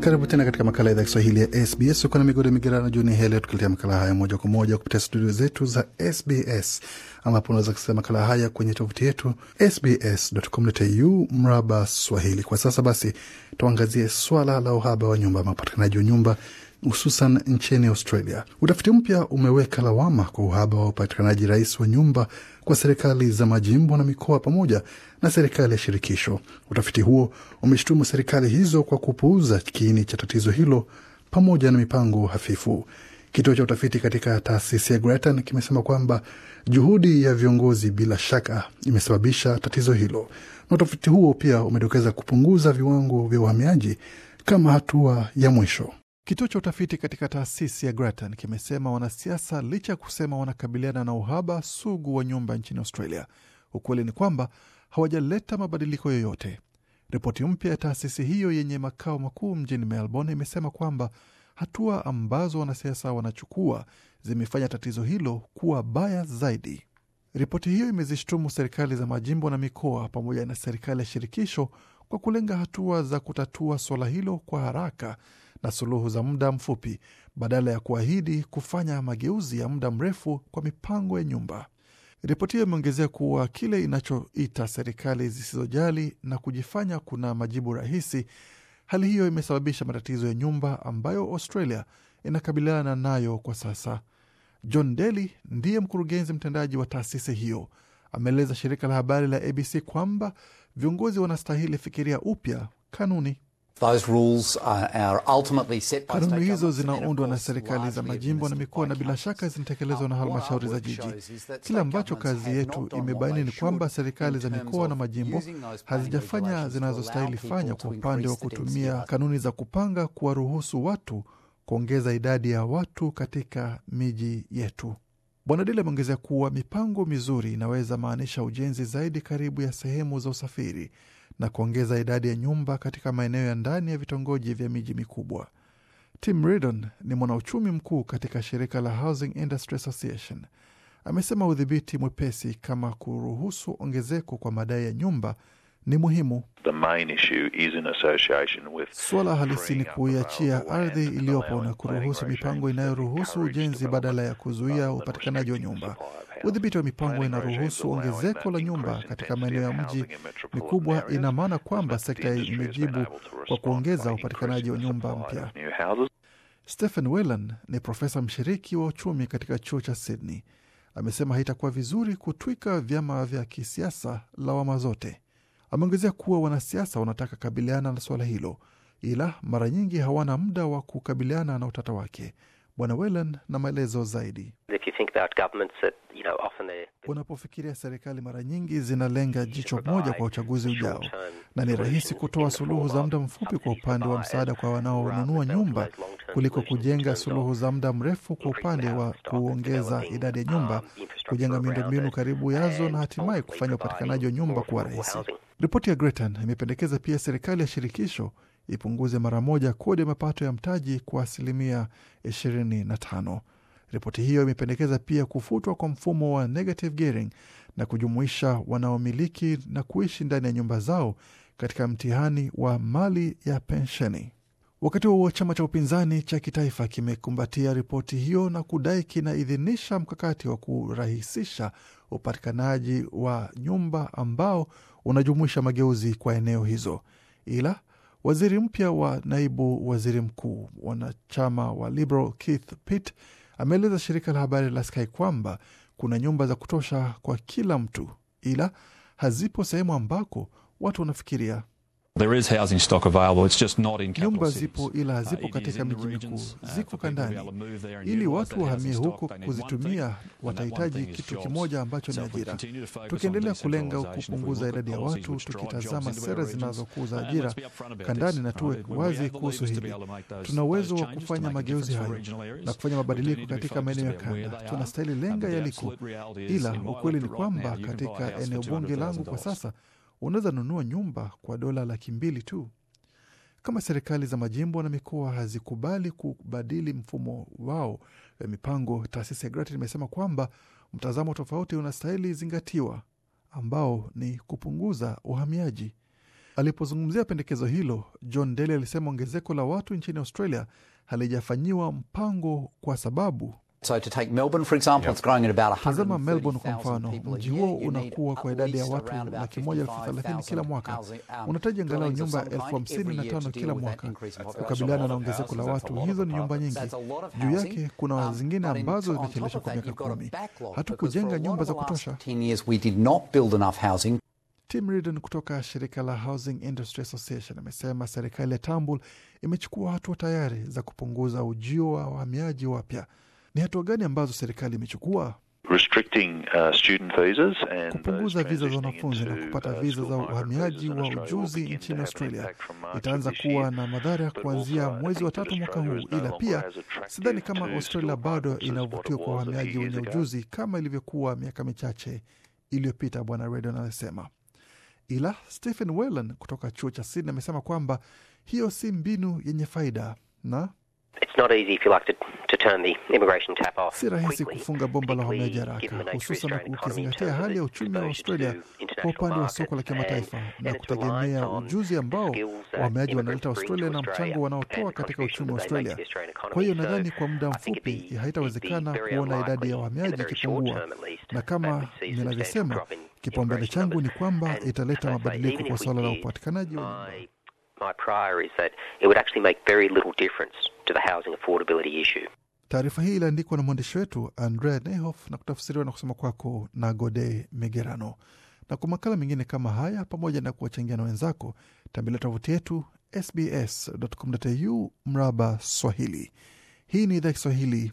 Karibu tena katika makala ya idhaa Kiswahili ya SBS. ukona na Migodo Migerano Juni Hele, tukiletea makala haya moja kwa moja kupitia studio zetu za SBS, ambapo unaweza kusikiza makala haya kwenye tovuti yetu sbs.com.au mraba Swahili. Kwa sasa basi, tuangazie swala la uhaba wa nyumba, mapatikanaji wa nyumba hususan nchini Australia. Utafiti mpya umeweka lawama kwa uhaba wa upatikanaji rais wa nyumba kwa serikali za majimbo na mikoa pamoja na serikali ya shirikisho. Utafiti huo umeshutumu serikali hizo kwa kupuuza kiini cha tatizo hilo pamoja na mipango hafifu. Kituo cha utafiti katika taasisi ya Grattan kimesema kwamba juhudi ya viongozi bila shaka imesababisha tatizo hilo, na utafiti huo pia umedokeza kupunguza viwango vya uhamiaji kama hatua ya mwisho. Kituo cha utafiti katika taasisi ya Grattan kimesema wanasiasa, licha ya kusema wanakabiliana na uhaba sugu wa nyumba nchini Australia, ukweli ni kwamba hawajaleta mabadiliko yoyote. Ripoti mpya ya taasisi hiyo yenye makao makuu mjini Melbourne imesema kwamba hatua ambazo wanasiasa wanachukua zimefanya tatizo hilo kuwa baya zaidi. Ripoti hiyo imezishtumu serikali za majimbo na mikoa pamoja na serikali ya shirikisho kwa kulenga hatua za kutatua suala hilo kwa haraka na suluhu za muda mfupi badala ya kuahidi kufanya mageuzi ya muda mrefu kwa mipango ya nyumba. Ripoti hiyo imeongezea kuwa kile inachoita serikali zisizojali na kujifanya kuna majibu rahisi, hali hiyo imesababisha matatizo ya nyumba ambayo Australia inakabiliana nayo kwa sasa. John Daly ndiye mkurugenzi mtendaji wa taasisi hiyo, ameeleza shirika la habari la ABC kwamba viongozi wanastahili fikiria upya kanuni Kanuni hizo zinaundwa na serikali za majimbo na mikoa na bila shaka zinatekelezwa na halmashauri za jiji. Kile ambacho kazi yetu imebaini ni kwamba serikali za mikoa na majimbo hazijafanya zinazostahili fanya kwa upande wa kutumia kanuni za kupanga kuwaruhusu watu kuongeza idadi ya watu katika miji yetu. Bwana Dili ameongezea kuwa mipango mizuri inaweza maanisha ujenzi zaidi karibu ya sehemu za usafiri na kuongeza idadi ya nyumba katika maeneo ya ndani ya vitongoji vya miji mikubwa. Tim Riddon ni mwanauchumi mkuu katika shirika la Housing Industry Association. Amesema udhibiti mwepesi kama kuruhusu ongezeko kwa madai ya nyumba ni muhimu. Suala halisi ni kuiachia ardhi iliyopo na kuruhusu mipango inayoruhusu ujenzi badala ya kuzuia upatikanaji wa nyumba. Udhibiti wa mipango inaruhusu ongezeko la nyumba katika maeneo ya mji mikubwa. Ina maana kwamba sekta imejibu kwa kuongeza upatikanaji wa nyumba mpya. Stephen Whelan ni profesa mshiriki wa uchumi katika chuo cha Sydney. Amesema haitakuwa vizuri kutwika vyama vya kisiasa lawama zote. Ameongezea kuwa wanasiasa wanataka kabiliana na suala hilo, ila mara nyingi hawana muda wa kukabiliana na utata wake. Bwana Whelan na maelezo zaidi. You know, unapofikiria serikali mara nyingi zinalenga jicho moja kwa uchaguzi ujao, na ni rahisi kutoa suluhu za muda mfupi kwa upande wa msaada kwa wanaonunua nyumba kuliko kujenga suluhu za muda mrefu kwa upande wa kuongeza idadi ya nyumba, um, kujenga miundombinu karibu yazo, na hatimaye kufanya upatikanaji wa nyumba kuwa rahisi. Ripoti ya Gretan imependekeza pia serikali ya shirikisho ipunguze mara moja kodi ya mapato ya mtaji kwa asilimia 25. Ripoti hiyo imependekeza pia kufutwa kwa mfumo wa negative gearing na kujumuisha wanaomiliki na kuishi ndani ya nyumba zao katika mtihani wa mali ya pensheni. Wakati huo chama cha upinzani cha kitaifa kimekumbatia ripoti hiyo na kudai kinaidhinisha mkakati wa kurahisisha upatikanaji wa nyumba ambao unajumuisha mageuzi kwa eneo hizo, ila waziri mpya wa naibu waziri mkuu wanachama wa Liberal Keith Pitt ameeleza shirika la habari la Sky kwamba kuna nyumba za kutosha kwa kila mtu, ila hazipo sehemu ambako watu wanafikiria There is housing stock available. It's just not in nyumba zipo ila uh, zipo katika miji mikuu, uh, ziko kandani. Ili watu wahamie huko kuzitumia, watahitaji kitu kimoja ambacho ni ajira. Tukiendelea kulenga kupunguza idadi ya watu, tukitazama sera zinazokuza uh, ajira kandani, na tuwe wazi kuhusu hili, tuna uwezo wa kufanya mageuzi hayo na kufanya mabadiliko katika maeneo ya kanda. Tunastahili lenga yaliko, ila ukweli ni kwamba katika eneo bunge langu kwa sasa unaweza nunua nyumba kwa dola laki mbili tu. Kama serikali za majimbo na mikoa hazikubali kubadili mfumo wao wa eh, mipango, taasisi ya Grant imesema kwamba mtazamo tofauti unastahili zingatiwa, ambao ni kupunguza uhamiaji. Alipozungumzia pendekezo hilo, John Daly alisema ongezeko la watu nchini Australia halijafanyiwa mpango kwa sababu tazama Melbourne kwa mfano, mji huo unakuwa kwa idadi ya watu laki moja elfu thelathini kila mwaka, um, unataja angalau nyumba elfu hamsini na tano kila mwaka kukabiliana na ongezeko la watu. Hizo ni nyumba nyingi. Juu yake kuna um, zingine ambazo zimecheleshwa kwa miaka kumi. Hatukujenga nyumba za kutosha. Tim Reardon kutoka shirika la Housing Industry Association amesema serikali ya Tambul imechukua hatua tayari za kupunguza ujio wa wahamiaji wapya. Ni hatua gani ambazo serikali imechukua? Uh, kupunguza viza za wanafunzi na kupata uh, viza za uhamiaji wa ujuzi nchini Australia uh, itaanza kuwa na madhara kuanzia mwezi wa tatu mwaka huu, ila pia sidhani kama Australia bado inavutiwa kwa uhamiaji wenye ujuzi kama ilivyokuwa miaka michache iliyopita, Bwana Redon anasema. Ila Stephen Whelan kutoka chuo cha Sydney amesema kwamba hiyo si mbinu yenye faida na Si rahisi kufunga bomba la uhamiaji haraka, hususan ukizingatia hali ya uchumi wa Australia kwa upande wa soko la kimataifa na kutegemea ujuzi ambao wahamiaji wanaleta Australia na mchango wanaotoa katika uchumi wa Australia. Kwa hiyo nadhani kwa muda mfupi haitawezekana kuona idadi ya wahamiaji ikipungua, na kama ninavyosema, kipaumbele changu ni kwamba italeta mabadiliko kwa suala la upatikanaji wa my prior is that it would actually make very little difference to the housing affordability issue. Taarifa hii iliandikwa na mwandishi wetu Andrea Nehof na kutafsiriwa na kusoma kwako na Gode Migerano. Na kwa makala mengine kama haya pamoja na kuwachangia na wenzako, tembelea tovuti yetu sbs.com.au mraba Swahili. Hii ni idhaa Kiswahili